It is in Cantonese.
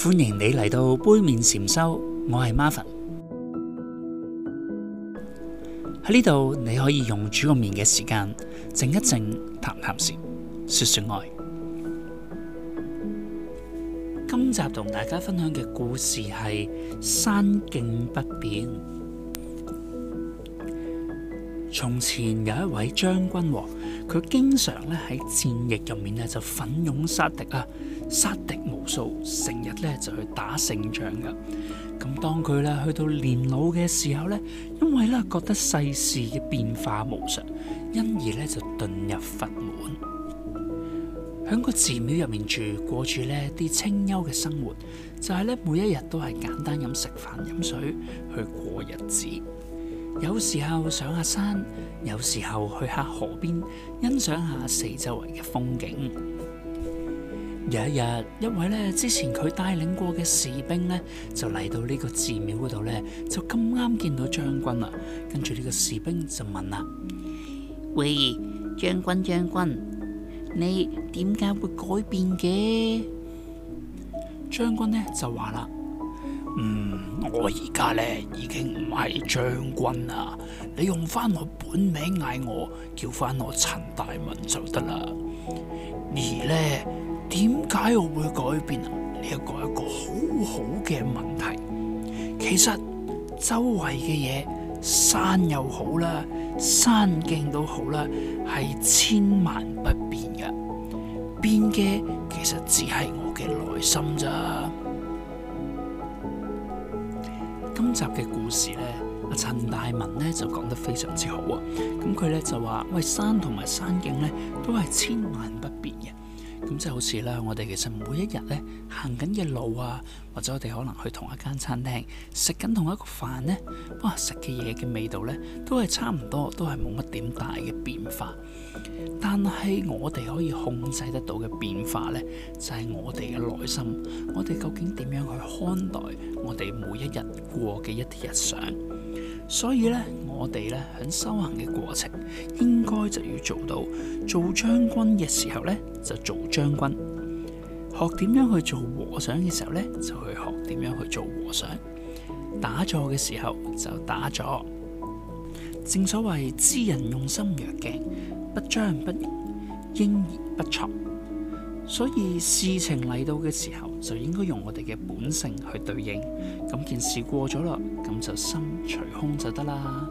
歡迎你嚟到杯麵禪修，我係 Marvin。喺呢度你可以用煮個麵嘅時間靜一靜，談談禪，說說愛。今集同大家分享嘅故事係山境不變。從前有一位將軍。佢經常咧喺戰役入面咧就奮勇殺敵啊，殺敵無數，成日咧就去打勝仗嘅。咁當佢咧去到年老嘅時候咧，因為咧覺得世事嘅變化無常，因而咧就遁入佛門，喺個寺廟入面住，過住咧啲清幽嘅生活，就係、是、咧每一日都係簡單咁食飯飲水去過日子。有時候上下山，有時候去下河邊，欣賞下四周圍嘅風景。有一日，一位呢之前佢帶領過嘅士兵呢，就嚟到呢個寺廟嗰度呢，就咁啱見到將軍啦。跟住呢個士兵就問啦：喂，將軍將軍，你點解會改變嘅？將軍呢就話啦。我而家咧已經唔係將軍啦，你用翻我本名嗌我，叫翻我陳大文就得啦。而呢點解我會改變啊？呢一個係一個好好嘅問題。其實周圍嘅嘢，山又好啦，山徑都好啦，係千萬不變嘅。變嘅其實只係我嘅內心咋。今集嘅故事咧，阿陳大文咧就講得非常之好啊！咁佢咧就話：喂，山同埋山景咧，都係千萬不。咁就好似啦，我哋其實每一日咧行緊嘅路啊，或者我哋可能去同一間餐廳食緊同一個飯呢，哇！食嘅嘢嘅味道呢，都係差唔多，都係冇乜點大嘅變化。但係我哋可以控制得到嘅變化呢，就係我哋嘅內心，我哋究竟點樣去看待我哋每一日過嘅一啲日常。所以咧，我哋咧喺修行嘅過程，應該就要做到，做將軍嘅時候咧就做將軍，學點樣去做和尚嘅時候咧就去學點樣去做和尚，打坐嘅時候就打坐。正所謂至人用心若鏡，不將不迎，應而不藏。所以事情嚟到嘅時候，就應該用我哋嘅本性去對應。咁件事過咗啦，咁就心隨空就得啦。